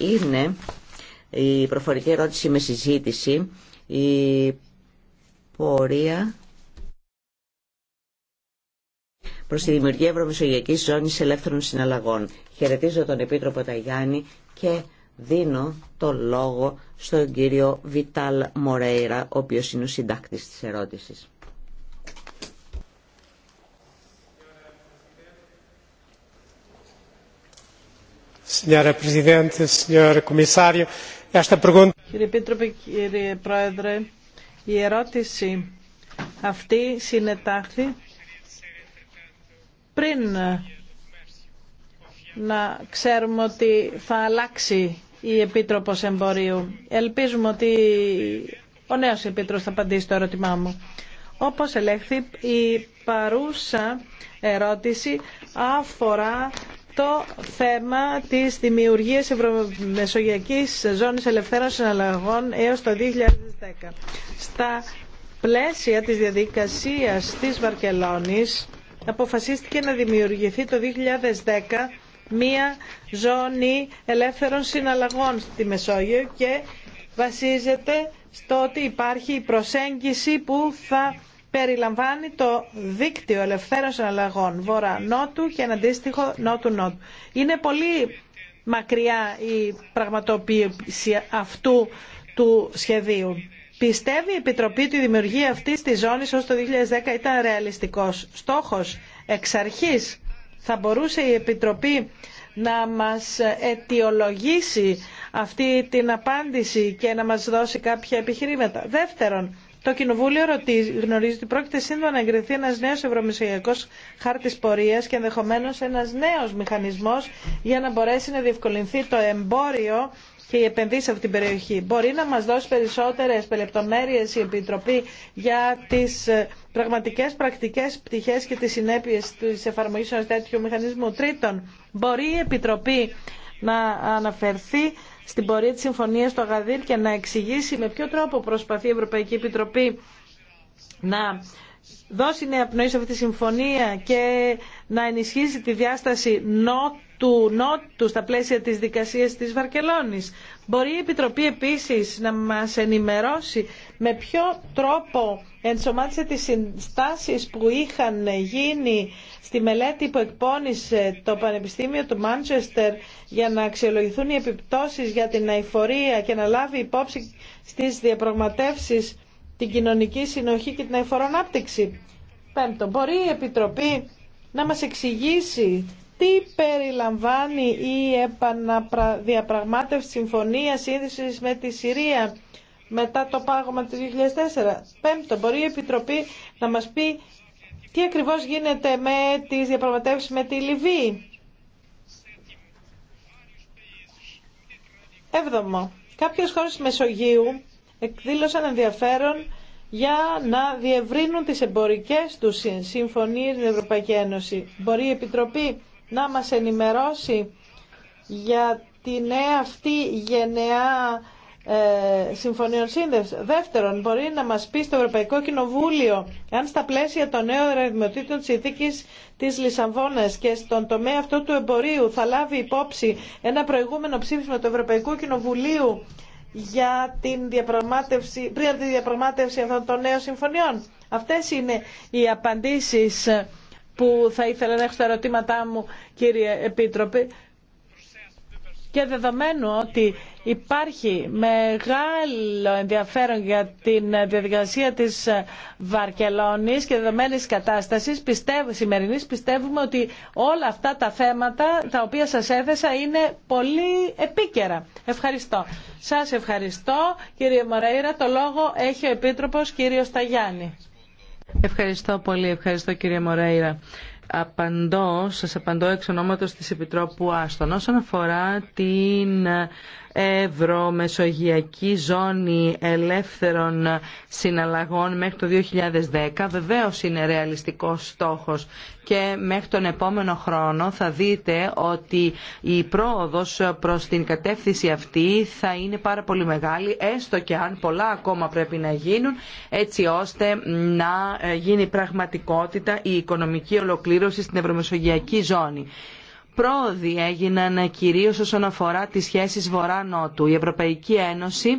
είναι η προφορική ερώτηση με συζήτηση, η πορεία προς τη δημιουργία Ευρωμεσογειακής Ζώνης Ελεύθερων Συναλλαγών. Χαιρετίζω τον Επίτροπο Ταγιάννη και δίνω το λόγο στον κύριο Βιτάλ Μορέιρα, ο οποίος είναι ο συντάκτης της ερώτησης. Κύριε κύριε Πρόεδρε, η ερώτηση αυτή συνετάχθη πριν να ξέρουμε ότι θα αλλάξει η Επίτροπος Εμπορίου. Ελπίζουμε ότι ο νέος Επίτροπος θα απαντήσει το ερώτημά μου. Όπως ελέγχθη, η παρούσα ερώτηση αφορά το θέμα της δημιουργίας Ευρωμεσογειακής Ζώνης Ελευθέρων Συναλλαγών έως το 2010. Στα πλαίσια της διαδικασίας της Βαρκελόνης αποφασίστηκε να δημιουργηθεί το 2010 μία ζώνη ελεύθερων συναλλαγών στη Μεσόγειο και βασίζεται στο ότι υπάρχει η προσέγγιση που θα περιλαμβάνει το δίκτυο ελευθέρων συναλλαγών βορρά-νότου και ένα αντίστοιχο νότου-νότου. Είναι πολύ μακριά η πραγματοποίηση αυτού του σχεδίου. Πιστεύει η Επιτροπή ότι η δημιουργία αυτή τη ζώνη ω το 2010 ήταν ρεαλιστικό στόχο. Εξ αρχή θα μπορούσε η Επιτροπή να μας αιτιολογήσει αυτή την απάντηση και να μας δώσει κάποια επιχειρήματα. Δεύτερον, το Κοινοβούλιο γνωρίζει ότι πρόκειται σύντομα να εγκριθεί ένα νέο ευρωμεσογειακό χάρτη πορεία και ενδεχομένω ένα νέο μηχανισμό για να μπορέσει να διευκολυνθεί το εμπόριο και οι επενδύσει από την περιοχή. Μπορεί να μα δώσει περισσότερε λεπτομέρειε η Επιτροπή για τι ε, πραγματικέ πρακτικέ πτυχέ και τι συνέπειε τη εφαρμογή ενό τέτοιου μηχανισμού. Τρίτον, μπορεί η Επιτροπή να αναφερθεί στην πορεία της συμφωνίας του Αγαδίρ και να εξηγήσει με ποιο τρόπο προσπαθεί η Ευρωπαϊκή Επιτροπή να δώσει νέα πνοή σε αυτή τη συμφωνία και να ενισχύσει τη διάσταση νότου, νότου στα πλαίσια της δικασίας της Βαρκελόνης. Μπορεί η Επιτροπή επίσης να μας ενημερώσει με ποιο τρόπο ενσωμάτισε τις συστάσεις που είχαν γίνει Στη μελέτη που εκπώνησε το Πανεπιστήμιο του Μάντσεστερ για να αξιολογηθούν οι επιπτώσεις για την αηφορία και να λάβει υπόψη στις διαπραγματεύσεις την κοινωνική συνοχή και την αηφορονάπτυξη. Πέμπτο, μπορεί η Επιτροπή να μας εξηγήσει τι περιλαμβάνει η επαναδιαπραγμάτευση συμφωνία σύνδεσης με τη Συρία μετά το πάγωμα του 2004. Πέμπτο, μπορεί η Επιτροπή να μας πει τι ακριβώς γίνεται με τις διαπραγματεύσεις με τη Λιβύη. Έβδομο. Κάποιες χώρες της Μεσογείου εκδήλωσαν ενδιαφέρον για να διευρύνουν τις εμπορικές τους συμφωνίες με την Ευρωπαϊκή Ένωση. Μπορεί η Επιτροπή να μας ενημερώσει για τη νέα αυτή γενεά ε, συμφωνίων Δεύτερον, μπορεί να μα πει στο Ευρωπαϊκό Κοινοβούλιο αν στα πλαίσια των νέων ερευνητήτων τη ηθική της Λισαβόνα και στον τομέα αυτό του εμπορίου θα λάβει υπόψη ένα προηγούμενο ψήφισμα του Ευρωπαϊκού Κοινοβουλίου για την διαπραγμάτευση, πριν από τη διαπραγμάτευση αυτών των νέων συμφωνιών. Αυτές είναι οι απαντήσεις που θα ήθελα να έχω στα ερωτήματά μου, κύριε Επίτροπε. Και δεδομένου ότι Υπάρχει μεγάλο ενδιαφέρον για την διαδικασία της Βαρκελόνης και δεδομένης κατάστασης πιστεύω, σημερινής πιστεύουμε ότι όλα αυτά τα θέματα τα οποία σας έθεσα είναι πολύ επίκαιρα. Ευχαριστώ. Σας ευχαριστώ κύριε Μωρέιρα. Το λόγο έχει ο Επίτροπος κύριο Σταγιάννη. Ευχαριστώ πολύ. Ευχαριστώ κύριε Μωρέιρα απαντώ, σας απαντώ εξ ονόματος της Επιτρόπου Άστον. Όσον αφορά την ευρωμεσογειακή ζώνη ελεύθερων συναλλαγών μέχρι το 2010 βεβαίως είναι ρεαλιστικός στόχος και μέχρι τον επόμενο χρόνο θα δείτε ότι η πρόοδος προς την κατεύθυνση αυτή θα είναι πάρα πολύ μεγάλη έστω και αν πολλά ακόμα πρέπει να γίνουν έτσι ώστε να γίνει πραγματικότητα η οικονομική ολοκλήρωση στην ευρωμεσογειακή ζώνη πρόοδοι έγιναν κυρίως όσον αφορά τις σχέσεις Βορρά-Νότου. Η Ευρωπαϊκή Ένωση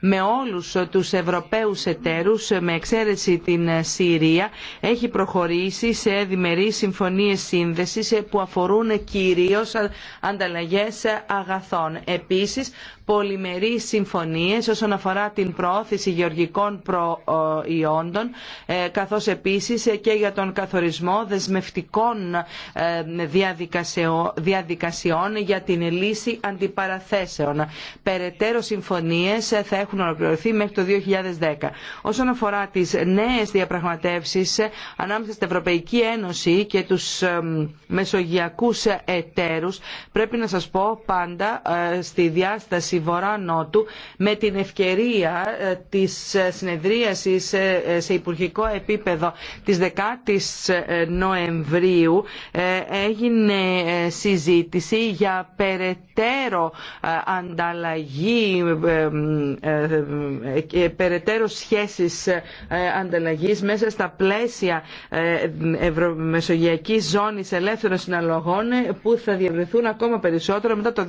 με όλους τους Ευρωπαίους εταίρους, με εξαίρεση την Συρία, έχει προχωρήσει σε διμερείς συμφωνίες σύνδεσης που αφορούν κυρίως ανταλλαγές αγαθών. Επίσης, πολυμερείς συμφωνίες όσον αφορά την προώθηση γεωργικών προϊόντων, ε, καθώς επίσης και για τον καθορισμό δεσμευτικών ε, διαδικασιών διαδικασιών για την λύση αντιπαραθέσεων. Περαιτέρω συμφωνίε θα έχουν ολοκληρωθεί μέχρι το 2010. Όσον αφορά τις νέες διαπραγματεύσεις ανάμεσα στην Ευρωπαϊκή Ένωση και τους μεσογειακούς εταίρους, πρέπει να σας πω πάντα ε, στη διάσταση βορρά-νότου με την ευκαιρία ε, της συνεδρίασης ε, σε υπουργικό επίπεδο τη 10 η Νοεμβρίου έγινε συζήτηση για περαιτέρω ε, ανταλλαγή, ε, ε, περαιτέρω σχέσεις ανταλλαγής μέσα στα πλαίσια Ευρωμεσογειακής Ζώνης Ελεύθερων Συναλλογών που θα διευρυνθούν ακόμα περισσότερο μετά το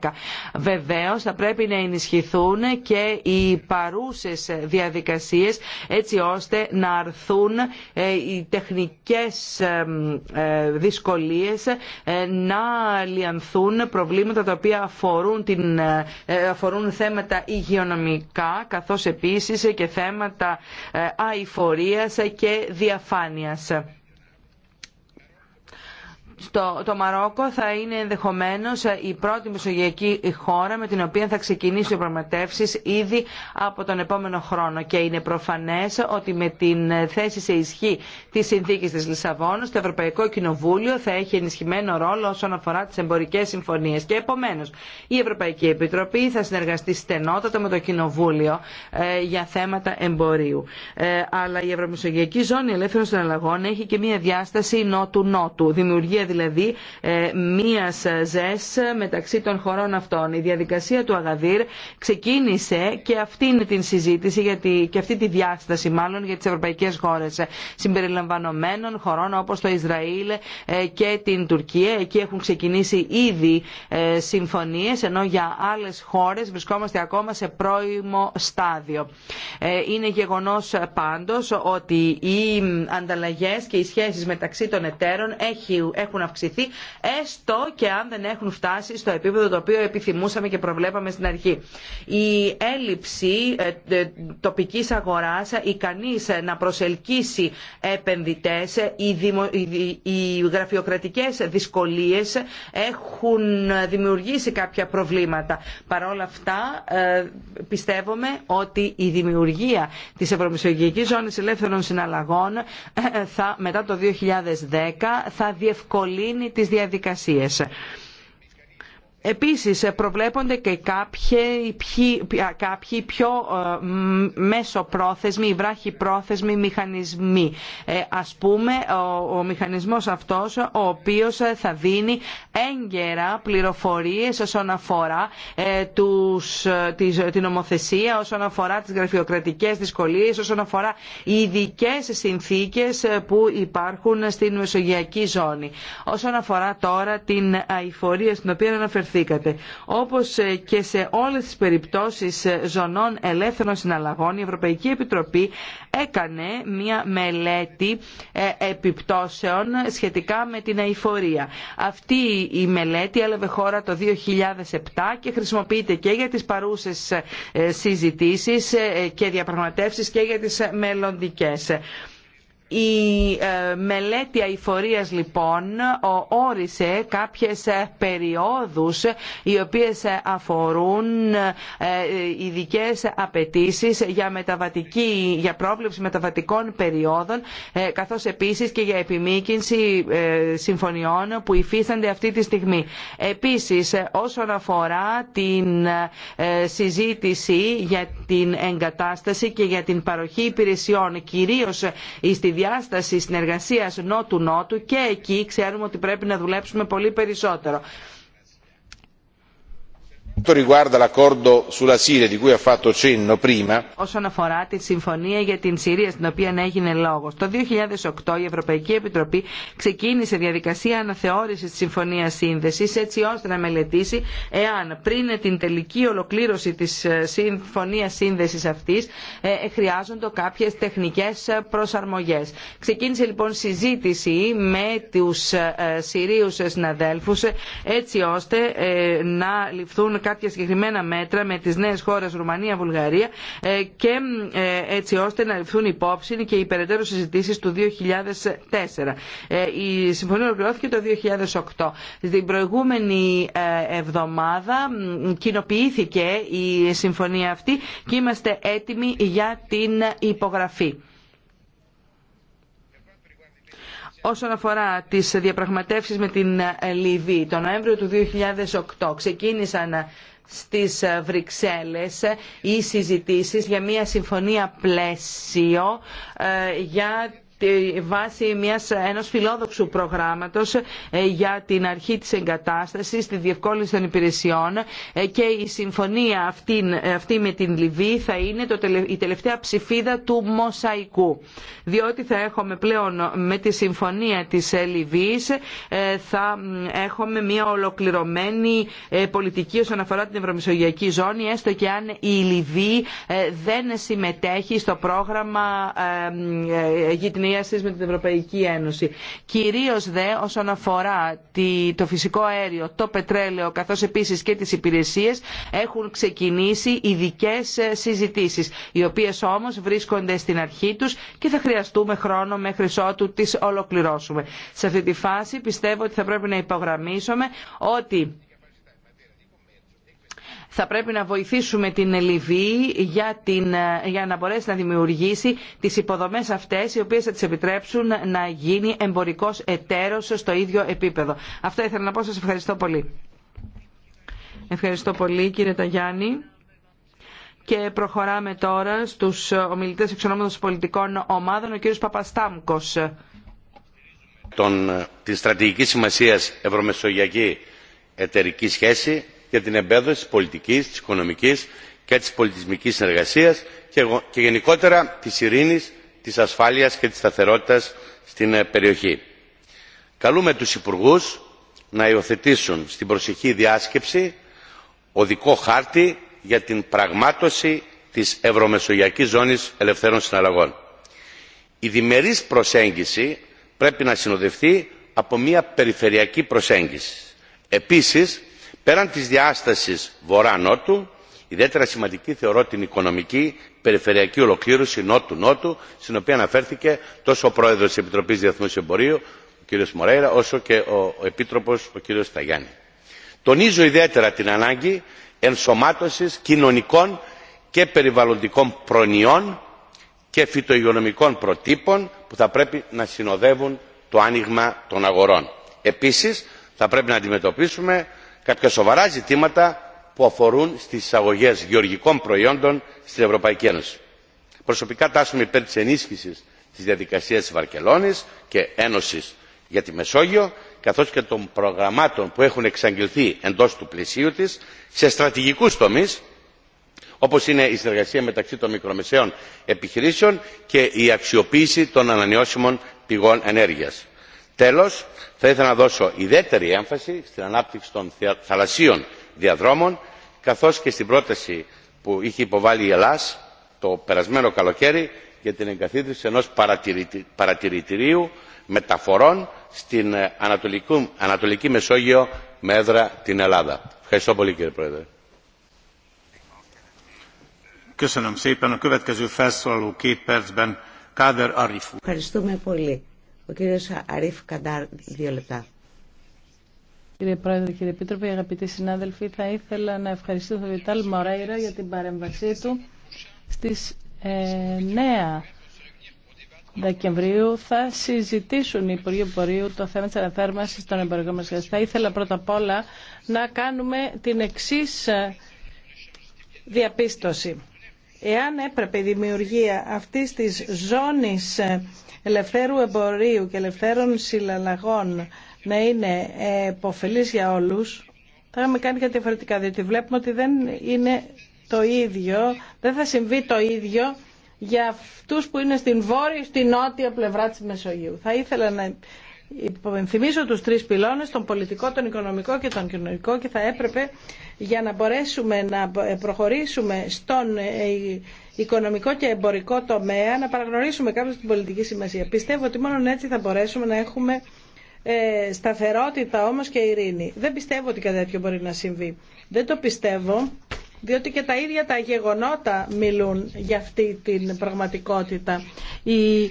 2010. Βεβαίως θα πρέπει να ενισχυθούν και οι παρούσες διαδικασίες έτσι ώστε να αρθούν οι τεχνικές δυσκολίες ε, να λιανθούν προβλήματα τα οποία αφορούν, την, ε, ε, αφορούν θέματα υγειονομικά καθώς επίσης και θέματα αηφορίας και διαφάνειας το, Μαρόκο θα είναι ενδεχομένως ε, η πρώτη μεσογειακή χώρα με την οποία θα ξεκινήσει οι προγραμματεύσεις ήδη από τον επόμενο χρόνο και είναι προφανές ότι με την ε, θέση σε ισχύ της συνθήκης της Λισαβόνας το Ευρωπαϊκό Κοινοβούλιο θα έχει ενισχυμένο ρόλο όσον αφορά τις εμπορικές συμφωνίες και επομένως η Ευρωπαϊκή Επιτροπή θα συνεργαστεί στενότατα με το Κοινοβούλιο ε, για θέματα εμπορίου. αλλά η Ευρωμεσογειακή Ζώνη Ελεύθερων Συναλλαγών έχει και μια διάσταση νότου-νότου. Δημιουργία δηλαδή ε, μία ζεσ μεταξύ των χωρών αυτών. Η διαδικασία του Αγαδίρ ξεκίνησε και αυτή είναι την συζήτηση γιατί, και αυτή τη διάσταση μάλλον για τις ευρωπαϊκές χώρες ε, συμπεριλαμβανομένων χωρών όπως το Ισραήλ ε, και την Τουρκία. Εκεί έχουν ξεκινήσει ήδη συμφωνίες ενώ για άλλες χώρες βρισκόμαστε ακόμα σε πρώιμο στάδιο. Είναι γεγονός πάντως ότι οι ανταλλαγές και οι σχέσεις μεταξύ των εταίρων έχουν έχουν αυξηθεί έστω και αν δεν έχουν φτάσει στο επίπεδο το οποίο επιθυμούσαμε και προβλέπαμε στην αρχή. Η έλλειψη ε, ε, τοπικής αγοράς ικανής ε, να προσελκύσει επενδυτές, οι γραφειοκρατικές δυσκολίες έχουν δημιουργήσει κάποια προβλήματα. Παρ' όλα αυτά πιστεύουμε ότι η δημιουργία της Ευρωπαϊκής Ζώνης Ελεύθερων Συναλλαγών θα, μετά το 2010 θα διευκολύνει διευκολύνει τις διαδικασίες. Επίσης ε, προβλέπονται και κάποιοι, πιο ε, μέσοπρόθεσμοι, βράχοι πρόθεσμοι μηχανισμοί. Ε, ας πούμε ο, ο μηχανισμός αυτός ο οποίος ε, θα δίνει έγκαιρα πληροφορίες όσον αφορά τους, της την ομοθεσία, όσον αφορά τις γραφειοκρατικές δυσκολίες, όσον αφορά οι ειδικέ συνθήκες που υπάρχουν στην Μεσογειακή ζώνη. Όσον αφορά τώρα την αηφορία στην οποία αναφερθεί αναφερθήκατε. Όπως ε, και σε όλες τις περιπτώσεις ε, ζωνών ελεύθερων συναλλαγών, η Ευρωπαϊκή Επιτροπή έκανε μια μελέτη ε, επιπτώσεων σχετικά με την αηφορία. Αυτή η μελέτη έλαβε χώρα το 2007 και χρησιμοποιείται και για τις παρούσες συζητήσεις και διαπραγματεύσεις και για τις μελλοντικές. Η ε, μελέτη αηφορίας λοιπόν όρισε κάποιες ε, περιόδους ε, οι οποίες αφορούν ειδικέ απαιτήσεις για, μεταβατική, για πρόβλεψη μεταβατικών περιόδων καθώς επίσης και για επιμήκυνση συμφωνιών που υφίστανται αυτή τη στιγμή. Επίσης όσον αφορά την συζήτηση για την εγκατάσταση και για την παροχή υπηρεσιών κυρίως στη διάσταση συνεργασίας νότου-νότου και εκεί ξέρουμε ότι πρέπει να δουλέψουμε πολύ περισσότερο. Όσον αφορά τη συμφωνία για την Συρία στην οποία έγινε λόγο. το 2008 η Ευρωπαϊκή Επιτροπή ξεκίνησε διαδικασία αναθεώρηση τη συμφωνία Σύνδεσης έτσι ώστε να μελετήσει εάν πριν την τελική ολοκλήρωση της ε, Συμφωνίας Σύνδεσης αυτής ε, χρειάζονται κάποιες τεχνικές ε, προσαρμογές. Ξεκίνησε λοιπόν συζήτηση με τους Συρίου συναδέλφου, έτσι ώστε να ληφθούν κάποια συγκεκριμένα μέτρα με τις νέες χώρες Ρουμανία, Βουλγαρία ε, και ε, έτσι ώστε να ληφθούν υπόψη και οι περαιτέρω συζητήσεις του 2004. Ε, η συμφωνία ολοκληρώθηκε το 2008. Στην προηγούμενη εβδομάδα κοινοποιήθηκε η συμφωνία αυτή και είμαστε έτοιμοι για την υπογραφή. Όσον αφορά τις διαπραγματεύσεις με την ε, Λιβύη, το Νοέμβριο του 2008 ξεκίνησαν ε, στις ε, Βρυξέλλες οι συζητήσεις για μια συμφωνία πλαίσιο για βάσει μιας, ενός φιλόδοξου προγράμματος ε, για την αρχή της εγκατάστασης, τη διευκόλυνση των υπηρεσιών ε, και η συμφωνία αυτή, ε, αυτή με την Λιβύη θα είναι το, η τελευταία ψηφίδα του μοσαϊκού. Διότι θα έχουμε πλέον με τη συμφωνία της Λιβύης θα έχουμε μια ολοκληρωμένη πολιτική όσον αφορά την Ευρωμεσογειακή Ζώνη έστω και αν η Λιβύη δεν συμμετέχει στο πρόγραμμα με την Ευρωπαϊκή Ένωση. Κυρίως δε όσον αφορά το φυσικό αέριο, το πετρέλαιο καθώς επίσης και τις υπηρεσίες έχουν ξεκινήσει ειδικέ ε, συζητήσεις οι οποίες όμως βρίσκονται στην αρχή τους και θα χρειαστούμε χρόνο μέχρι ότου τις ολοκληρώσουμε. Σε αυτή τη φάση πιστεύω ότι θα πρέπει να υπογραμμίσουμε ότι θα πρέπει να βοηθήσουμε την Λιβύη για, την, για να μπορέσει να δημιουργήσει τις υποδομές αυτές οι οποίες θα τις επιτρέψουν να γίνει εμπορικός εταίρος στο ίδιο επίπεδο. Αυτό ήθελα να πω. Σας ευχαριστώ πολύ. Ευχαριστώ πολύ κύριε Ταγιάννη. Και προχωράμε τώρα στους ομιλητές εξονόματος πολιτικών ομάδων. Ο κύριος Παπαστάμκος. Τον, ε, την στρατηγική σημασία ευρωμεσογειακή εταιρική σχέση για την εμπέδωση της πολιτικής, της οικονομικής και της πολιτισμικής συνεργασίας και γενικότερα της ειρήνης, της ασφάλειας και της σταθερότητας στην ε, περιοχή. Καλούμε τους Υπουργούς να υιοθετήσουν στην προσεχή διάσκεψη οδικό χάρτη για την πραγμάτωση της Ευρωμεσογειακής Ζώνης Ελευθέρων Συναλλαγών. Η διμερής προσέγγιση πρέπει να συνοδευτεί από μια περιφερειακή προσέγγιση. Επίσης, πέραν της διάστασης βορρά νότου ιδιαίτερα σημαντική θεωρώ την οικονομική περιφερειακή ολοκλήρωση νότου νότου στην οποία αναφέρθηκε τόσο ο πρόεδρος της επιτροπής διεθνούς εμπορίου ο κ. μορέιρα όσο και ο επίτροπος ο κ. σταγιάννη. τονίζω ιδιαίτερα την ανάγκη ενσωμάτωσης κοινωνικών και περιβαλλοντικών προνοιών και φυτοϊγειονομικών προτύπων που θα πρέπει να συνοδεύουν το άνοιγμα των αγορών. επίσης θα πρέπει να αντιμετωπίσουμε κάποια σοβαρά ζητήματα που αφορούν στι εισαγωγέ γεωργικών προϊόντων στην Ευρωπαϊκή Ένωση. Προσωπικά τάσσομαι υπέρ τη ενίσχυση τη διαδικασία τη Βαρκελόνη και Ένωση για τη Μεσόγειο, καθώ και των προγραμμάτων που έχουν εξαγγελθεί εντό του πλαισίου τη σε στρατηγικού τομεί, όπω είναι η συνεργασία μεταξύ των μικρομεσαίων επιχειρήσεων και η αξιοποίηση των ανανεώσιμων πηγών ενέργεια. Τέλος, θα ήθελα να δώσω ιδιαίτερη έμφαση στην ανάπτυξη των θαλασσίων διαδρόμων, καθώς και στην πρόταση που είχε υποβάλει η Ελλάς το περασμένο καλοκαίρι για την εγκαθίδρυση ενός παρατηρητηρίου μεταφορών στην ε, Ανατολική, Ανατολική Μεσόγειο με έδρα την Ελλάδα. Ευχαριστώ πολύ κύριε Πρόεδρε. Ευχαριστούμε πολύ. Ο κύριος Αρίφ Καντάρ, δύο λεπτά. Κύριε Πρόεδρε, κύριε Επίτροπε, αγαπητοί συνάδελφοι, θα ήθελα να ευχαριστήσω τον Βιτάλ Μορέιρα για την παρέμβασή του στις 9 ε, Δεκεμβρίου θα συζητήσουν οι Υπουργοί Πορείου το θέμα της αναθέρμανσης των εμπορικών μας Θα ήθελα πρώτα απ' όλα να κάνουμε την εξής ε, διαπίστωση. Εάν έπρεπε η δημιουργία αυτής της ζώνης ελευθέρου εμπορίου και ελευθέρων συλλαγών να είναι υποφελής για όλους, θα είχαμε κάνει κάτι διαφορετικά, διότι βλέπουμε ότι δεν είναι το ίδιο, δεν θα συμβεί το ίδιο για αυτούς που είναι στην βόρεια ή στην νότια πλευρά της Μεσογείου. Θα ήθελα να Υπενθυμίζω τους τρεις πυλώνες, τον πολιτικό, τον οικονομικό και τον κοινωνικό και θα έπρεπε για να μπορέσουμε να προχωρήσουμε στον ε, οικονομικό και εμπορικό τομέα να παραγνωρίσουμε κάπως την πολιτική σημασία. Πιστεύω ότι μόνο έτσι θα μπορέσουμε να έχουμε ε, σταθερότητα όμως και ειρήνη. Δεν πιστεύω ότι κάτι τέτοιο μπορεί να συμβεί. Δεν το πιστεύω διότι και τα ίδια τα γεγονότα μιλούν για αυτή την πραγματικότητα. Η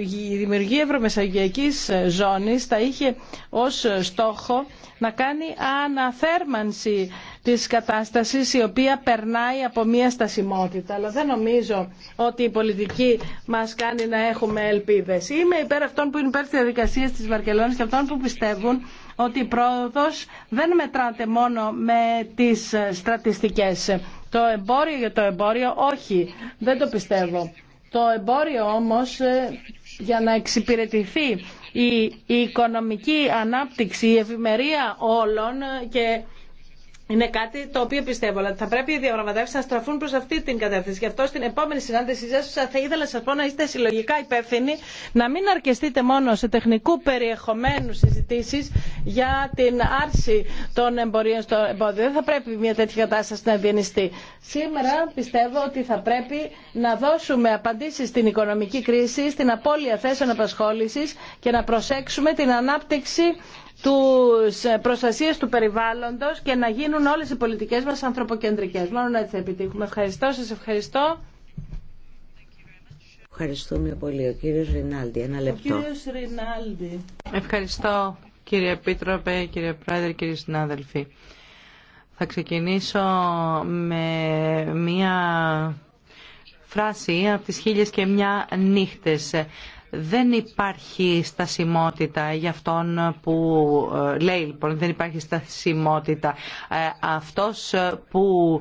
η δημιουργία ευρωμεσογειακής ζώνης θα είχε ως στόχο να κάνει αναθέρμανση της κατάστασης η οποία περνάει από μια στασιμότητα. Αλλά δεν νομίζω ότι η πολιτική μας κάνει να έχουμε ελπίδες. Είμαι υπέρ αυτών που είναι υπέρ της διαδικασίας της Βαρκελόνης και αυτών που πιστεύουν ότι η πρόοδος δεν μετράται μόνο με τις στρατιστικές. Το εμπόριο για το εμπόριο, όχι, δεν το πιστεύω. Το εμπόριο όμως ε, για να εξυπηρετηθεί η, η οικονομική ανάπτυξη, η ευημερία όλων ε, και είναι κάτι το οποίο πιστεύω, αλλά θα πρέπει οι διαπραγματεύσει να στραφούν προ αυτή την κατεύθυνση. Γι' αυτό στην επόμενη συνάντησή σα θα ήθελα να σα πω να είστε συλλογικά υπεύθυνοι, να μην αρκεστείτε μόνο σε τεχνικού περιεχομένου συζητήσει για την άρση των εμπορίων στο εμπόδιο. Δεν θα πρέπει μια τέτοια κατάσταση να διενιστεί. Σήμερα πιστεύω ότι θα πρέπει να δώσουμε απαντήσει στην οικονομική κρίση, στην απώλεια θέσεων απασχόληση και να προσέξουμε την ανάπτυξη τους ε, προστασίες του περιβάλλοντος και να γίνουν όλες οι πολιτικές μας ανθρωποκεντρικές. Μόνο έτσι θα επιτύχουμε. Ευχαριστώ, σας ευχαριστώ. Ευχαριστούμε πολύ. Ο κύριος Ρινάλντι, ένα λεπτό. Ο κύριος Ρινάλντι. Ευχαριστώ κύριε Επίτροπε, κύριε Πρόεδρε, κύριοι συνάδελφοι. Θα ξεκινήσω με μία φράση από τις χίλιες και μια νύχτες δεν υπάρχει στασιμότητα για αυτόν που ε, λέει λοιπόν δεν υπάρχει στασιμότητα. Ε, αυτός ε, που,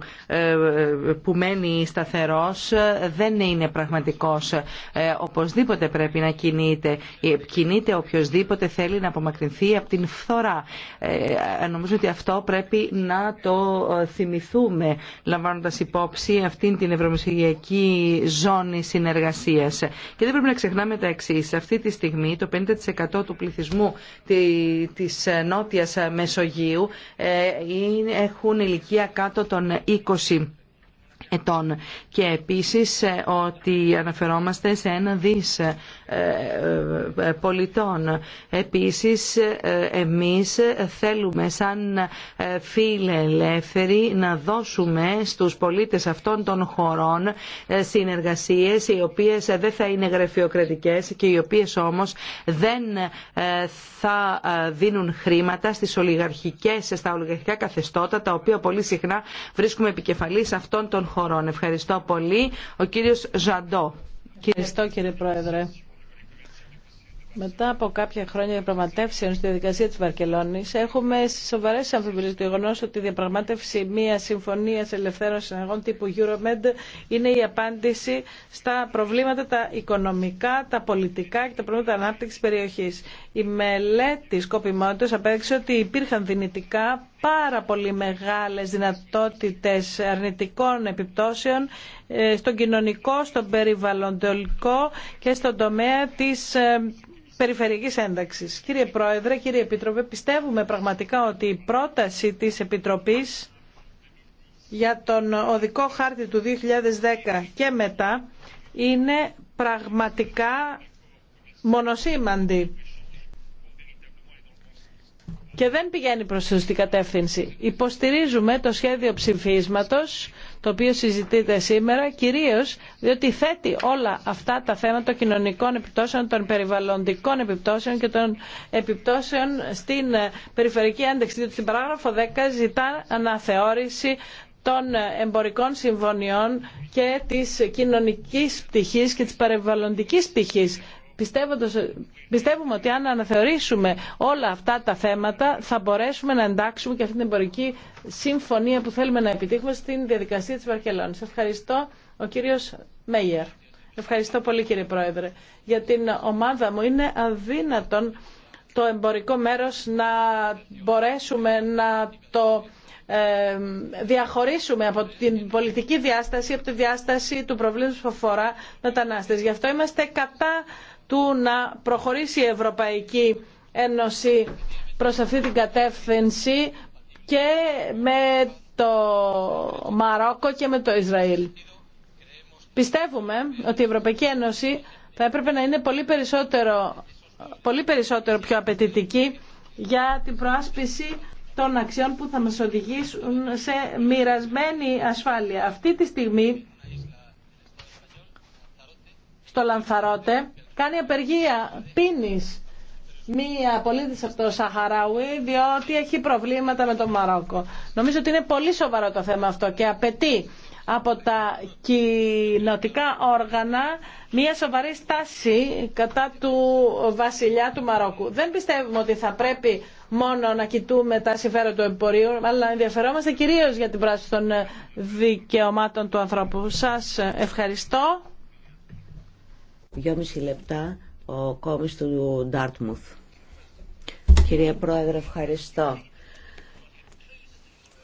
που μένει σταθερός δεν είναι πραγματικός. Οπωσδήποτε πρέπει να κινείται. Κινείται οποιοδήποτε θέλει να απομακρυνθεί από την φθορά. Νομίζω ότι αυτό πρέπει να το θυμηθούμε λαμβάνοντας υπόψη αυτήν την ευρωμεσογειακή ζώνη συνεργασίας. Και δεν πρέπει να ξεχνάμε τα σε Αυτή τη στιγμή το 50% του πληθυσμού της ε, Νότιας ε, Μεσογείου ε, έχουν ηλικία κάτω των 20 ετών. Και επίσης ότι αναφερόμαστε σε ένα δις ε, ε, ε, πολιτών. Επίσης εμείς θέλουμε σαν φίλε ελεύθεροι να δώσουμε στους πολίτες αυτών των χωρών συνεργασίες οι οποίες δεν θα είναι γραφειοκρατικές και οι οποίες όμως δεν θα δίνουν χρήματα στις ολιγαρχικές, στα ολιγαρχικά καθεστώτα τα οποία πολύ συχνά βρίσκουμε επικεφαλής αυτών των χωρών. Ευχαριστώ πολύ. Ο κύριος Ζαντό. Ευχαριστώ κύριε Πρόεδρε. Μετά από κάποια χρόνια διαπραγματεύσεων στη διαδικασία τη Βαρκελόνη, έχουμε σοβαρέ αμφιβολίε του γεγονό ότι η διαπραγμάτευση μια συμφωνία ελευθερωση συναγών τύπου Euromed είναι η απάντηση στα προβλήματα τα οικονομικά, τα πολιτικά και τα προβλήματα ανάπτυξη περιοχή. Η μελέτη σκοπιμότητα απέδειξε ότι υπήρχαν δυνητικά πάρα πολύ μεγάλες δυνατότητες αρνητικών επιπτώσεων ε, στον κοινωνικό, στον περιβαλλοντολικό και στον τομέα της ε, περιφερειακής ένταξη. Κύριε Πρόεδρε, κύριε Επίτροπε, πιστεύουμε πραγματικά ότι η πρόταση της Επιτροπής για τον οδικό χάρτη του 2010 και μετά είναι πραγματικά μονοσήμαντη και δεν πηγαίνει προς τη σωστή κατεύθυνση. Υποστηρίζουμε το σχέδιο ψηφίσματος το οποίο συζητείται σήμερα κυρίως διότι θέτει όλα αυτά τα θέματα των κοινωνικών επιπτώσεων, των περιβαλλοντικών επιπτώσεων και των επιπτώσεων στην ε, περιφερική άντεξη. Διότι στην παράγραφο 10 ζητά αναθεώρηση των ε, εμπορικών συμφωνιών και της κοινωνικής πτυχής και της περιβαλλοντικής πτυχής πιστεύουμε ότι αν αναθεωρήσουμε όλα αυτά τα θέματα θα μπορέσουμε να εντάξουμε και αυτή την εμπορική συμφωνία που θέλουμε να επιτύχουμε στην διαδικασία της Βαρκελόνης. Ευχαριστώ ο κύριος Μέιερ. Ευχαριστώ πολύ κύριε Πρόεδρε. Για την ομάδα μου είναι αδύνατον το εμπορικό μέρος να μπορέσουμε να το διαχωρίσουμε από την πολιτική διάσταση, από τη διάσταση του προβλήματος που αφορά μετανάστες. Γι' αυτό είμαστε κατά του να προχωρήσει η Ευρωπαϊκή Ένωση προς αυτή την κατεύθυνση και με το Μαρόκο και με το Ισραήλ. Πιστεύουμε ότι η Ευρωπαϊκή Ένωση θα έπρεπε να είναι πολύ περισσότερο, πολύ περισσότερο πιο απαιτητική για την προάσπιση των αξιών που θα μας οδηγήσουν σε μοιρασμένη ασφάλεια. Αυτή τη στιγμή στο Λανθαρότε κάνει απεργία πίνεις μία πολίτη από το Σαχαράουι, διότι έχει προβλήματα με το Μαρόκο. Νομίζω ότι είναι πολύ σοβαρό το θέμα αυτό και απαιτεί από τα κοινοτικά όργανα μία σοβαρή στάση κατά του βασιλιά του Μαρόκου. Δεν πιστεύουμε ότι θα πρέπει μόνο να κοιτούμε τα συμφέροντα του εμπορίου, αλλά ενδιαφερόμαστε κυρίως για την πράξη των δικαιωμάτων του ανθρώπου. Σας ευχαριστώ. Δυόμιση λεπτά ο κόμις του Ντάρτμουθ. Κυρία Πρόεδρε, ευχαριστώ.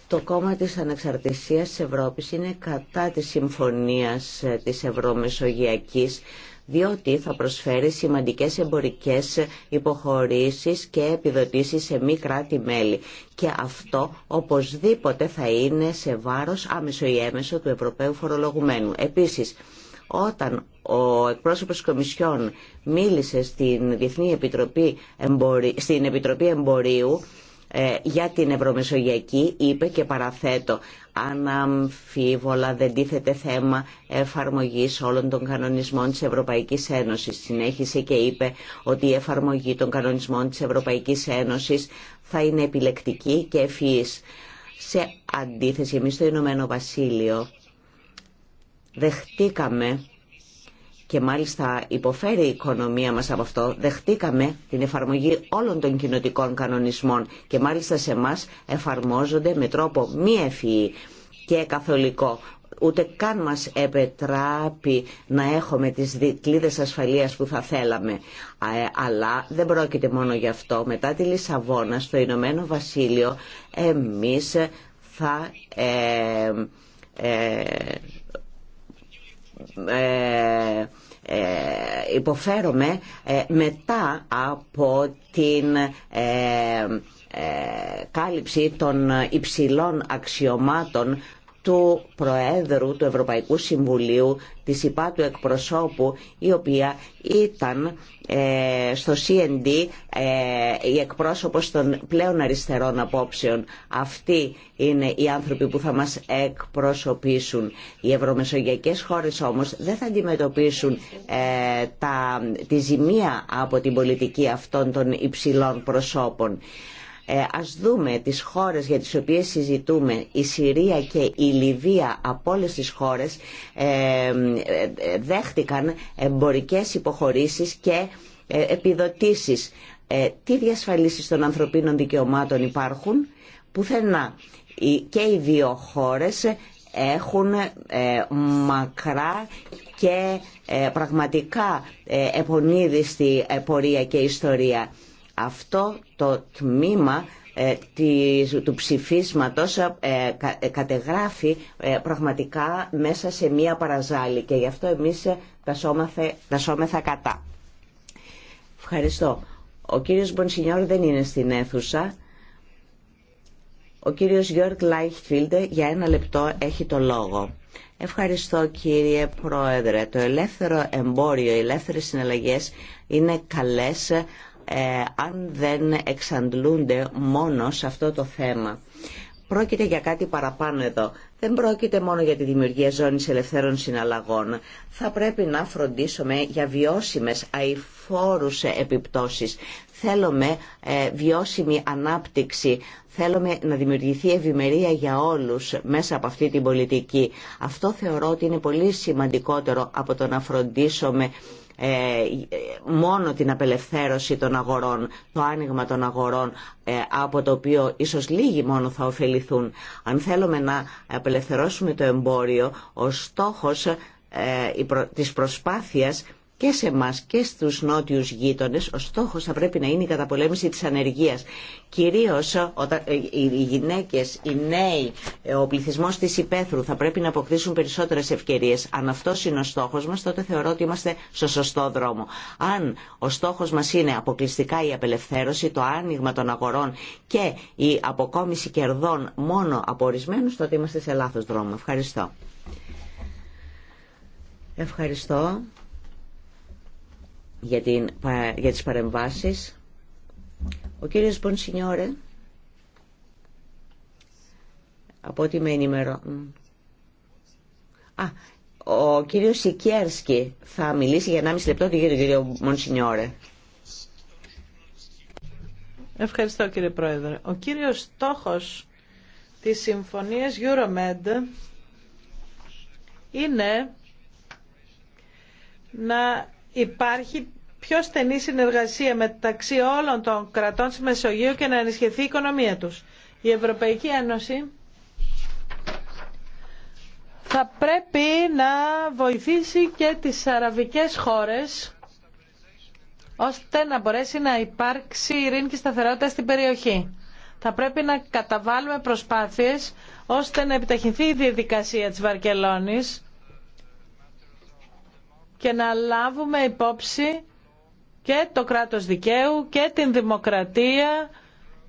Το κόμμα της ανεξαρτησίας της Ευρώπης είναι κατά της συμφωνίας ε, της Ευρωμεσογειακής διότι θα προσφέρει σημαντικές εμπορικές υποχωρήσεις και επιδοτήσεις σε μη κράτη-μέλη. Και αυτό οπωσδήποτε θα είναι σε βάρος άμεσο ή έμεσο του Ευρωπαίου Φορολογουμένου. Επίσης, όταν ο εκπρόσωπος της Κομισιόν μίλησε στην, Διεθνή Επιτροπή Εμπορίου, στην Επιτροπή Εμπορίου ε, για την Ευρωμεσογειακή είπε και παραθέτω αναμφίβολα δεν τίθεται θέμα εφαρμογής όλων των κανονισμών της Ευρωπαϊκής Ένωσης. Συνέχισε και είπε ότι η εφαρμογή των κανονισμών της Ευρωπαϊκής Ένωσης θα είναι επιλεκτική και ευφυής. Σε αντίθεση εμείς στο Ηνωμένο Βασίλειο δεχτήκαμε και μάλιστα υποφέρει η οικονομία μας από αυτό, δεχτήκαμε την εφαρμογή όλων των κοινοτικών κανονισμών και μάλιστα σε εμά εφαρμόζονται με τρόπο μη ευφυή και καθολικό. Ούτε καν μας επετράπει να έχουμε τις κλίδες ασφαλείας που θα θέλαμε. Ε, αλλά δεν πρόκειται μόνο γι' αυτό. Μετά τη Λισαβόνα στο Ηνωμένο Βασίλειο εμείς θα... Ε, ε, ε, ε, υποφέρομαι ε, μετά από την ε, κάλυψη των υψηλών αξιωμάτων του Προέδρου του Ευρωπαϊκού Συμβουλίου, της ΥΠΑ του εκπροσώπου, η οποία ήταν ε, στο CND ε, η εκπρόσωπος των πλέον αριστερών απόψεων. Αυτοί είναι οι άνθρωποι που θα μας εκπροσωπήσουν. Οι ευρωμεσογειακές χώρες όμως δεν θα αντιμετωπίσουν ε, τα, τη ζημία από την πολιτική αυτών των υψηλών προσώπων. Ε, ας δούμε τις χώρες για τις οποίες συζητούμε, η Συρία και η Λιβύα από όλες τις χώρες ε, ε δέχτηκαν εμπορικές υποχωρήσεις και ε, επιδοτήσεις. Ε, τι διασφαλίσεις των ανθρωπίνων δικαιωμάτων υπάρχουν, πουθενά. Και οι δύο χώρες έχουν ε, μακρά και πραγματικά επονίδιστη πορεία και ιστορία. Αυτό το τμήμα ε, του ψηφίσματος ε, ε, κατεγράφει πραγματικά μέσα σε μία παραζάλη και γι' αυτό εμείς τα σώμεθα κατά. Ευχαριστώ. Ο κύριος Μπονσινιόρ δεν είναι στην αίθουσα. Ο κύριος Γιώργ Λάιχτφιλντε για ένα λεπτό έχει το λόγο. Ευχαριστώ κύριε Πρόεδρε. Το ελεύθερο εμπόριο, οι ελεύθερες συναλλαγές είναι καλές ε, αν δεν εξαντλούνται μόνο σε αυτό το θέμα. Πρόκειται για κάτι παραπάνω εδώ. Δεν πρόκειται μόνο για τη δημιουργία ζώνης ελευθέρων συναλλαγών. Θα πρέπει να φροντίσουμε για βιώσιμες αηφόρους επιπτώσεις. Θέλουμε ε, βιώσιμη ανάπτυξη. Θέλουμε να δημιουργηθεί ευημερία για όλους μέσα από αυτή την πολιτική. Αυτό θεωρώ ότι είναι πολύ σημαντικότερο από το να φροντίσουμε ε, μόνο την απελευθέρωση των αγορών, το άνοιγμα των αγορών ε, από το οποίο ίσως λίγοι μόνο θα ωφεληθούν. Αν θέλουμε να απελευθερώσουμε το εμπόριο, ο στόχος ε, της προσπάθειας και σε εμά και στου νότιου γείτονε, ο στόχο θα πρέπει να είναι η καταπολέμηση τη ανεργία. Κυρίω όταν ε, οι γυναίκε, οι νέοι, ε, ο πληθυσμό τη υπαίθρου θα πρέπει να αποκτήσουν περισσότερε ευκαιρίε. Αν αυτό είναι ο στόχο μα, τότε θεωρώ ότι είμαστε στο σωστό δρόμο. Αν ο στόχο μα είναι αποκλειστικά η απελευθέρωση, το άνοιγμα των αγορών και η αποκόμιση κερδών μόνο από ορισμένου, τότε είμαστε σε λάθος δρόμο. Ευχαριστώ. Ευχαριστώ για, την, για τις παρεμβάσεις. Ο κύριος Μπονσινιόρε, από ό,τι με ενημερώ... Α, ο κύριος Σικέρσκι θα μιλήσει για 1,5 λεπτό και για τον κύριο Μονσινιόρε. Ευχαριστώ κύριε Πρόεδρε. Ο κύριος στόχος της συμφωνίας Euromed είναι να υπάρχει πιο στενή συνεργασία μεταξύ όλων των κρατών της Μεσογείου και να ενισχυθεί η οικονομία τους. Η Ευρωπαϊκή Ένωση θα πρέπει να βοηθήσει και τις αραβικές χώρες ώστε να μπορέσει να υπάρξει ειρήνη και σταθερότητα στην περιοχή. Θα πρέπει να καταβάλουμε προσπάθειες ώστε να επιταχυνθεί η διαδικασία της Βαρκελόνης και να λάβουμε υπόψη και το κράτος δικαίου και την δημοκρατία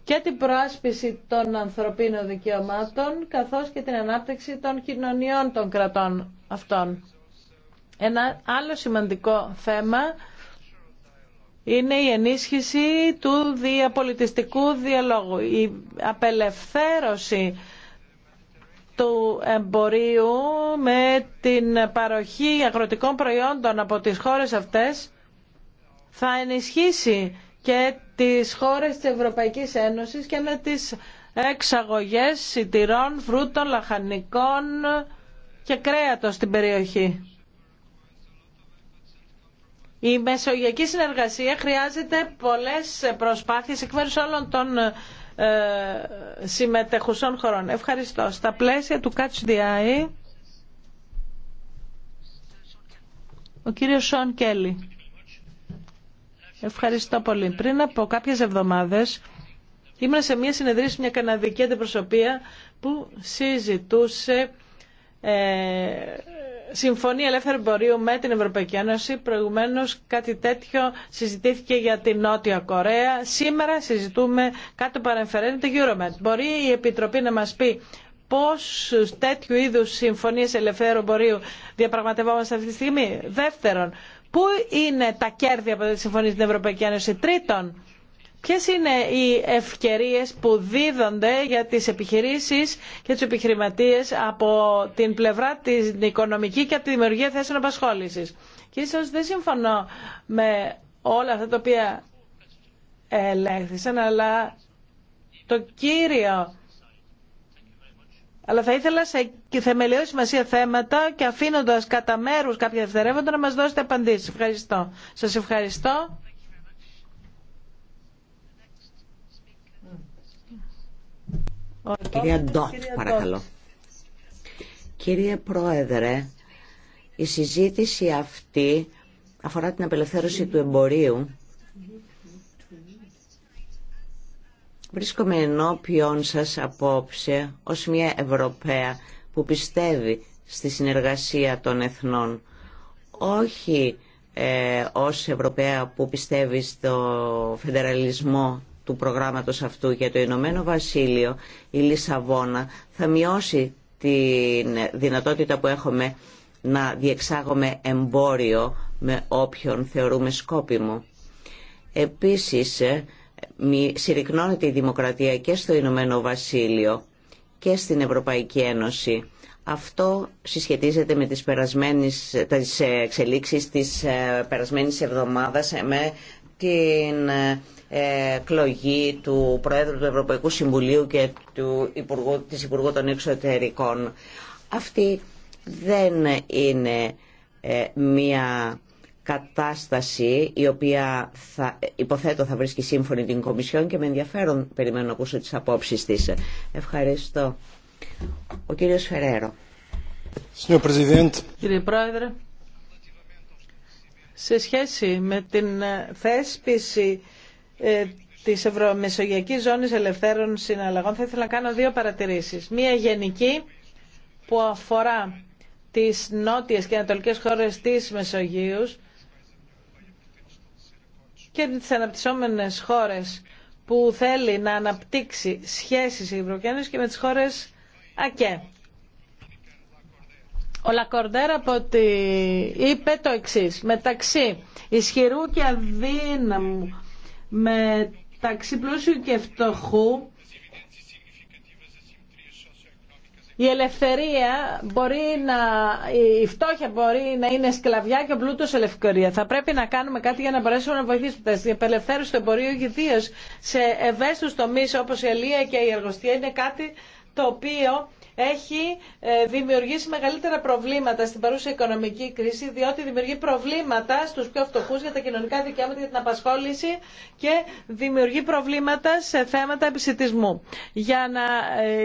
και την προάσπιση των ανθρωπίνων δικαιωμάτων καθώς και την ανάπτυξη των κοινωνιών των κρατών αυτών. Ένα άλλο σημαντικό θέμα είναι η ενίσχυση του διαπολιτιστικού διαλόγου, η απελευθέρωση του εμπορίου με την παροχή αγροτικών προϊόντων από τις χώρες αυτές θα ενισχύσει και τις χώρες της Ευρωπαϊκής Ένωσης και με τις εξαγωγές σιτηρών, φρούτων, λαχανικών και κρέατος στην περιοχή. Η μεσογειακή συνεργασία χρειάζεται πολλές προσπάθειες εκ μέρους όλων των ε, συμμετεχουσών χωρών. Ευχαριστώ. Στα πλαίσια του Catch the ο κύριος Σον Κέλλη. Ευχαριστώ πολύ. Πριν από κάποιες εβδομάδες ήμουν σε μια συνεδρίση μια καναδική αντιπροσωπεία που συζητούσε ε, Συμφωνία Ελεύθερου Εμπορίου με την Ευρωπαϊκή Ένωση. Προηγουμένω κάτι τέτοιο συζητήθηκε για την Νότια Κορέα. Σήμερα συζητούμε κάτι που παρεμφεραίνει το Euromed. Μπορεί η Επιτροπή να μα πει πόσου τέτοιου είδου συμφωνίε ελευθέρου εμπορίου διαπραγματευόμαστε αυτή τη στιγμή. Δεύτερον, πού είναι τα κέρδη από τη συμφωνία στην Ευρωπαϊκή Ένωση. Τρίτον, Ποιες είναι οι ευκαιρίες που δίδονται για τις επιχειρήσεις και τους επιχειρηματίες από την πλευρά της οικονομική και από τη δημιουργία θέσεων απασχόλησης. Και ίσως δεν συμφωνώ με όλα αυτά τα οποία ελέγχθησαν, αλλά το κύριο αλλά θα ήθελα σε θεμελιώδη σημασία θέματα και αφήνοντας κατά μέρου κάποια δευτερεύοντα να μας δώσετε απαντήσεις. Ευχαριστώ. Σα ευχαριστώ. Κυρία Ντότ, παρακαλώ. Κύριε Πρόεδρε, η συζήτηση αυτή αφορά την απελευθέρωση του εμπορίου. Βρίσκομαι ενώπιον σας απόψε ως μια Ευρωπαία που πιστεύει στη συνεργασία των εθνών. Όχι ε, ως Ευρωπαία που πιστεύει στο φεντεραλισμό του προγράμματος αυτού για το Ηνωμένο Βασίλειο, η Λισαβόνα, θα μειώσει τη δυνατότητα που έχουμε να διεξάγουμε εμπόριο με όποιον θεωρούμε σκόπιμο. Επίσης, ε, συρρυκνώνεται η δημοκρατία και στο Ηνωμένο Βασίλειο και στην Ευρωπαϊκή Ένωση. Αυτό συσχετίζεται με τις, περασμένες, τις εξελίξεις της ε, περασμένης εβδομάδας ε, την ε, ε, εκλογή του Προέδρου του Ευρωπαϊκού Συμβουλίου και του Υπουργού, της Υπουργού των Εξωτερικών. Αυτή δεν είναι ε, μια κατάσταση η οποία υποθέτω θα βρίσκει σύμφωνη την Κομισιόν και με ενδιαφέρον περιμένω να ακούσω τις απόψεις της. Ευχαριστώ. Ο κύριος Φεραίρο. Κύριε Πρόεδρε, σε σχέση με την θέσπιση ε, της Ευρωμεσογειακής Ζώνης Ελευθέρων Συναλλαγών θα ήθελα να κάνω δύο παρατηρήσεις. Μία γενική που αφορά τις νότιες και ανατολικές χώρες της Μεσογείου και τις αναπτυσσόμενες χώρες που θέλει να αναπτύξει σχέσεις η και με τις χώρες ΑΚΕ. Ο Λακορντέρ από τη... είπε το εξή. Μεταξύ ισχυρού και αδύναμου, μεταξύ πλούσιου και φτωχού, η ελευθερία μπορεί να, η φτώχεια μπορεί να είναι σκλαβιά και ο πλούτο ελευθερία. Θα πρέπει να κάνουμε κάτι για να μπορέσουμε να βοηθήσουμε. Στην απελευθέρωση του εμπορίου ιδίω σε ευαίσθητου τομεί όπως η Ελία και η Εργοστία είναι κάτι το οποίο έχει ε, δημιουργήσει μεγαλύτερα προβλήματα στην παρούσα οικονομική κρίση, διότι δημιουργεί προβλήματα στου πιο φτωχού για τα κοινωνικά δικαιώματα, για την απασχόληση και δημιουργεί προβλήματα σε θέματα επισητισμού. Για να ε,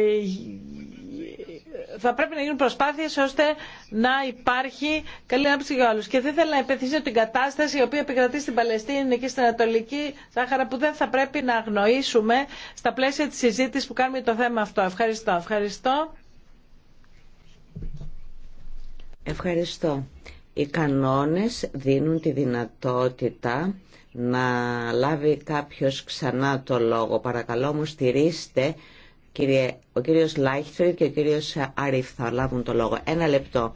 θα πρέπει να γίνουν προσπάθειε ώστε να υπάρχει καλή άποψη για όλου. Και θα ήθελα να υπενθυμίσω την κατάσταση η οποία επικρατεί στην Παλαιστίνη και στην Ανατολική Σάχαρα που δεν θα πρέπει να αγνοήσουμε στα πλαίσια τη συζήτηση που κάνουμε το θέμα αυτό. Ευχαριστώ. Ευχαριστώ. Ευχαριστώ. Οι κανόνες δίνουν τη δυνατότητα να λάβει κάποιος ξανά το λόγο. Παρακαλώ μου στηρίστε κύριε, ο κύριος Λάιχτφελ και ο κύριος Άριφ θα λάβουν το λόγο. Ένα λεπτό.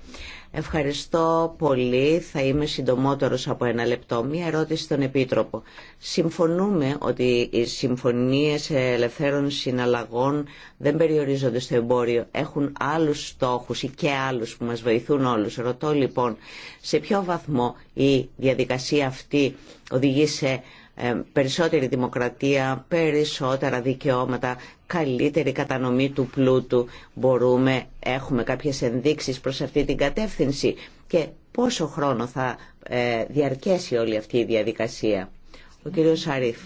Ευχαριστώ πολύ. Θα είμαι συντομότερος από ένα λεπτό. Μία ερώτηση στον Επίτροπο. Συμφωνούμε ότι οι συμφωνίες ελευθέρων συναλλαγών δεν περιορίζονται στο εμπόριο. Έχουν άλλους στόχους ή και άλλους που μας βοηθούν όλους. Ρωτώ λοιπόν σε ποιο βαθμό η διαδικασία αυτή οδηγεί σε ε, περισσότερη δημοκρατία, περισσότερα δικαιώματα, καλύτερη κατανομή του πλούτου. Μπορούμε, έχουμε κάποιες ενδείξεις προς αυτή την κατεύθυνση και πόσο χρόνο θα ε, διαρκέσει όλη αυτή η διαδικασία. Ο κύριος Σαρίφ.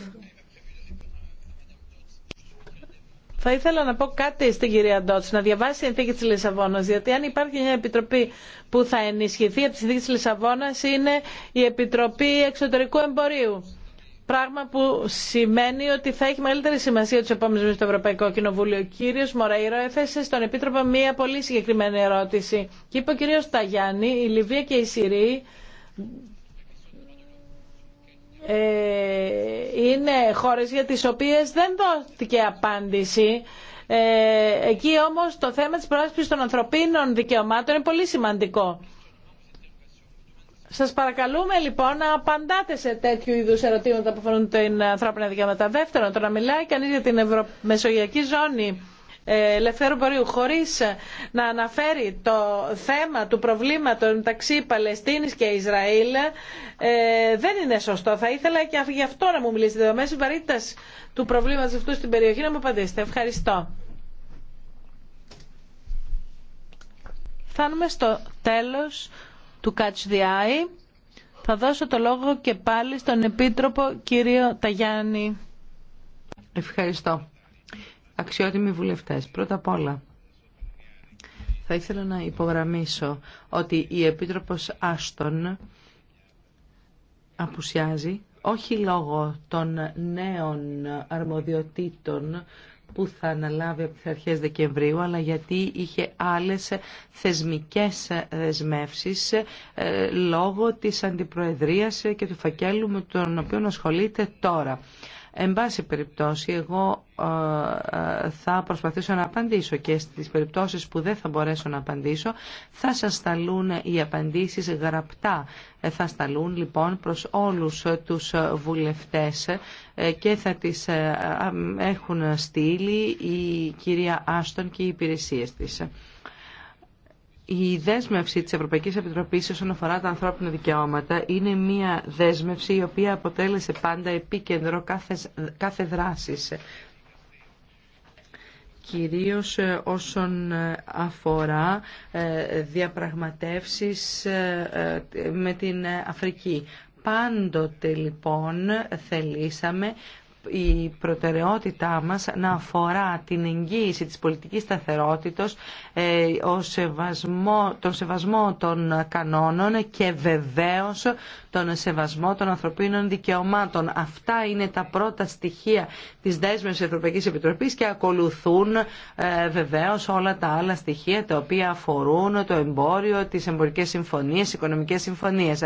Θα ήθελα να πω κάτι στην κυρία Ντότς, να διαβάσει η συνθήκη της Λισαβόνας, διότι αν υπάρχει μια επιτροπή που θα ενισχυθεί από τη συνθήκη της Λισαβόνας είναι η Επιτροπή Εξωτερικού Εμπορίου Πράγμα που σημαίνει ότι θα έχει μεγαλύτερη σημασία του επόμενου μήνε στο Ευρωπαϊκό Κοινοβούλιο. Ο κύριο Μωραήρο έθεσε στον Επίτροπο μία πολύ συγκεκριμένη ερώτηση. Και είπε ο κύριο Ταγιάννη, η Λιβύη και η Συρία ε, είναι χώρες για τις οποίες δεν δόθηκε απάντηση. Ε, εκεί όμως το θέμα της πρόσφυσης των ανθρωπίνων δικαιωμάτων είναι πολύ σημαντικό. Σας παρακαλούμε λοιπόν να απαντάτε σε τέτοιου είδους ερωτήματα που αφορούν την ανθρώπινα δικαιώματα. Δεύτερον, το να μιλάει κανείς για την Ευρω... Μεσογειακή Ζώνη ε, ελευθέρου πορείου χωρίς ε, να αναφέρει το θέμα του προβλήματο μεταξύ Παλαιστίνης και Ισραήλ ε, δεν είναι σωστό. Θα ήθελα και γι' αυτό να μου μιλήσετε εδώ μέσω βαρύτητας του προβλήματος αυτού στην περιοχή να μου απαντήσετε. Ευχαριστώ. Φτάνουμε στο τέλος του Catch Θα δώσω το λόγο και πάλι στον Επίτροπο κύριο Ταγιάννη. Ευχαριστώ. Αξιότιμοι βουλευτές, πρώτα απ' όλα θα ήθελα να υπογραμμίσω ότι η Επίτροπος Άστον απουσιάζει όχι λόγω των νέων αρμοδιοτήτων που θα αναλάβει από τις αρχές Δεκεμβρίου, αλλά γιατί είχε άλλες θεσμικές δεσμεύσει ε, λόγω της αντιπροεδρίας και του φακέλου με τον οποίο ασχολείται τώρα. Εν πάση περιπτώσει, εγώ ε, ε, θα προσπαθήσω να απαντήσω και στις περιπτώσεις που δεν θα μπορέσω να απαντήσω θα σας σταλούν οι απαντήσεις γραπτά. Ε, θα σταλούν λοιπόν προς όλους τους βουλευτές και θα τις έχουν στείλει η κυρία Άστον και οι υπηρεσίες της. Η δέσμευση της Ευρωπαϊκής Επιτροπής όσον αφορά τα ανθρώπινα δικαιώματα είναι μια δέσμευση η οποία αποτέλεσε πάντα επίκεντρο κάθε, κάθε δράσης κυρίως ε, όσον ε, αφορά ε, διαπραγματεύσεις με την Αφρική. Πάντοτε λοιπόν θελήσαμε η προτεραιότητά μας να αφορά την εγγύηση της πολιτικής σταθερότητος, ε, ο σεβασμό, τον σεβασμό των κανόνων και βεβαίως τον σεβασμό των ανθρωπίνων δικαιωμάτων. Αυτά είναι τα πρώτα στοιχεία της δέσμευσης Ευρωπαϊκής Επιτροπής και ακολουθούν ε, βεβαίως όλα τα άλλα στοιχεία τα οποία αφορούν το εμπόριο, τις εμπορικές συμφωνίες, οικονομικές συμφωνίες.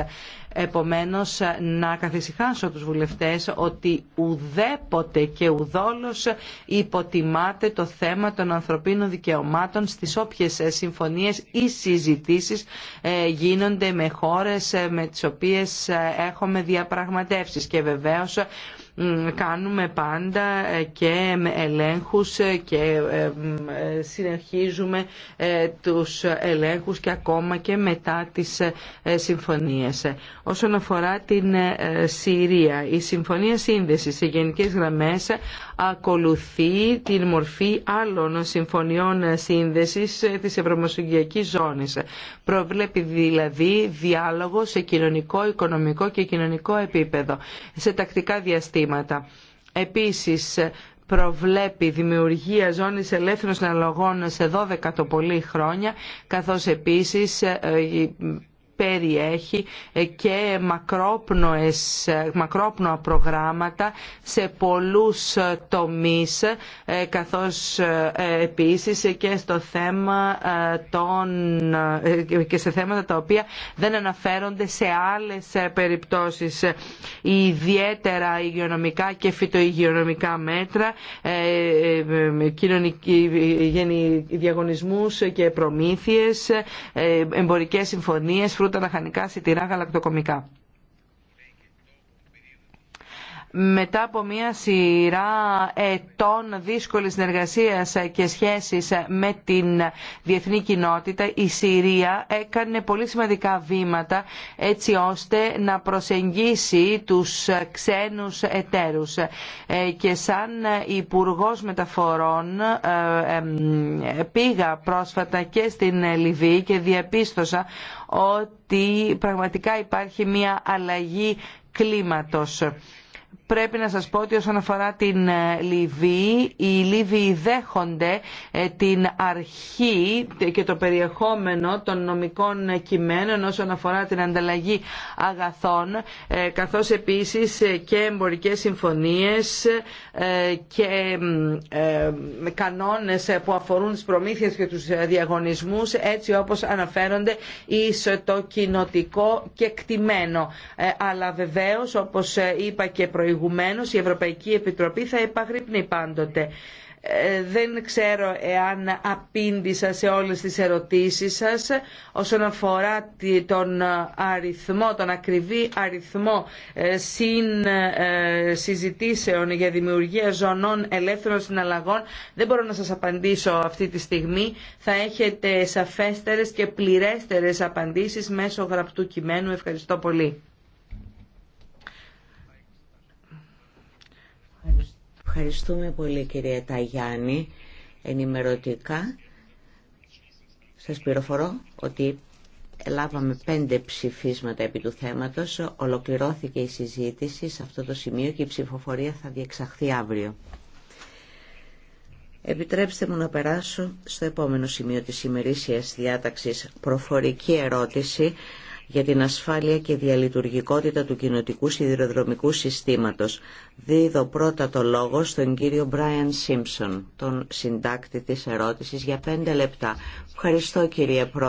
Επομένως, να καθησυχάσω τους βουλευτές ότι ουδέποτε και ουδόλως υποτιμάται το θέμα των ανθρωπίνων δικαιωμάτων στις όποιες συμφωνίες ή συζητήσεις ε, γίνονται με χώρες ε, με ε, έχουμε διαπραγματεύσεις και βεβαίως κάνουμε πάντα ε, και ελέγχους ε, και ε, συνεχίζουμε τους ελέγχους και ακόμα και μετά τις συμφωνίες. Όσον αφορά την Συρία, η Συμφωνία Σύνδεσης σε γενικές γραμμές ακολουθεί την μορφή άλλων συμφωνιών σύνδεσης της Ευρωμεσογειακής Ζώνης. Προβλέπει δηλαδή διάλογο σε κοινωνικό, οικονομικό και κοινωνικό επίπεδο, σε τακτικά διαστήματα Επίσης, προβλέπει δημιουργία ζώνης ελεύθερων συναλλαγών σε 12 το πολύ χρόνια, καθώς επίσης ε, ε, περιέχει και μακρόπνοες, μακρόπνοα προγράμματα σε πολλούς τομείς ε, καθώς ε, επίσης και στο θέμα ε, των, και σε θέματα τα οποία δεν αναφέρονται σε άλλες περιπτώσεις ιδιαίτερα υγειονομικά και φυτοϊγειονομικά μέτρα διαγωνισμούς και προμήθειες εμπορικές συμφωνίες φρούτα, λαχανικά, σιτηρά, γαλακτοκομικά μετά από μια σειρά ετών δύσκολης συνεργασίας και σχέσης με την διεθνή κοινότητα, η Συρία έκανε πολύ σημαντικά βήματα έτσι ώστε να προσεγγίσει τους ξένους εταίρους. Ε, και σαν υπουργό Μεταφορών ε, πήγα πρόσφατα και στην Λιβύη και διαπίστωσα ότι πραγματικά υπάρχει μια αλλαγή κλίματος Πρέπει να σας πω ότι όσον αφορά την ε, Λιβύη, οι Λίβοι δέχονται ε, την αρχή και το περιεχόμενο των νομικών κειμένων όσον αφορά την ανταλλαγή αγαθών, ε, καθώς επίσης και εμπορικές συμφωνίες και κανόνες που αφορούν τις προμήθειες και τους διαγωνισμούς, έτσι όπως αναφέρονται εις το κοινοτικό και κτημένο. Αλλά βεβαίως, όπως είπα και η Ευρωπαϊκή Επιτροπή θα επαγρύπνει πάντοτε. Ε, δεν ξέρω εάν απήντησα σε όλες τις ερωτήσεις σας όσον αφορά τον αριθμό, τον ακριβή αριθμό ε, συν ε, συζητήσεων για δημιουργία ζωνών ελεύθερων συναλλαγών. Δεν μπορώ να σας απαντήσω αυτή τη στιγμή. Θα έχετε σαφέστερες και πληρέστερες απαντήσεις μέσω γραπτού κειμένου. Ευχαριστώ πολύ. Ευχαριστούμε πολύ κυρία Ταγιάννη. Ενημερωτικά σας πληροφορώ ότι λάβαμε πέντε ψηφίσματα επί του θέματος. Ολοκληρώθηκε η συζήτηση σε αυτό το σημείο και η ψηφοφορία θα διεξαχθεί αύριο. Επιτρέψτε μου να περάσω στο επόμενο σημείο της ημερήσιας διάταξης προφορική ερώτηση για την ασφάλεια και διαλειτουργικότητα του κοινοτικού σιδηροδρομικού συστήματος. Δίδω πρώτα το λόγο στον κύριο Μπράιαν Σίμψον, τον συντάκτη της ερώτησης, για πέντε λεπτά. Ευχαριστώ κύριε Πρόεδρε.